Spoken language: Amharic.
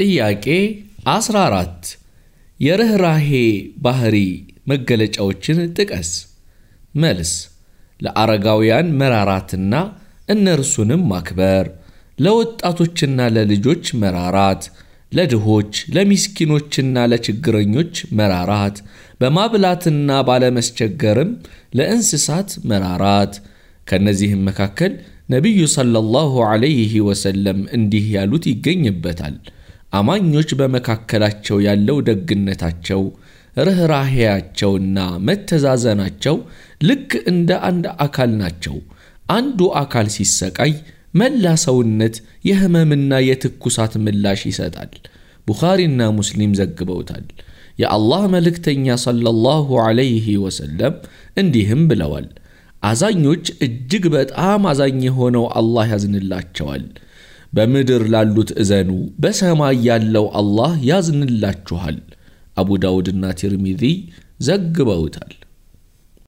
ጥያቄ 14 የርኅራሄ ባህሪ መገለጫዎችን ጥቀስ። መልስ ለአረጋውያን መራራትና እነርሱንም ማክበር፣ ለወጣቶችና ለልጆች መራራት፣ ለድሆች ለሚስኪኖችና ለችግረኞች መራራት፣ በማብላትና ባለመስቸገርም ለእንስሳት መራራት። ከእነዚህም መካከል ነቢዩ ሰለላሁ ዐለይሂ ወሰለም እንዲህ ያሉት ይገኝበታል። አማኞች በመካከላቸው ያለው ደግነታቸው፣ ርኅራሄያቸውና መተዛዘናቸው ልክ እንደ አንድ አካል ናቸው። አንዱ አካል ሲሰቃይ መላ ሰውነት የህመምና የትኩሳት ምላሽ ይሰጣል። ቡኻሪና ሙስሊም ዘግበውታል። የአላህ መልእክተኛ ሰለላሁ ዐለይሂ ወሰለም እንዲህም ብለዋል፣ አዛኞች እጅግ በጣም አዛኝ የሆነው አላህ ያዝንላቸዋል። በምድር ላሉት እዘኑ፣ በሰማይ ያለው አላህ ያዝንላችኋል። አቡ ዳውድና ቲርሚዚ ዘግበውታል።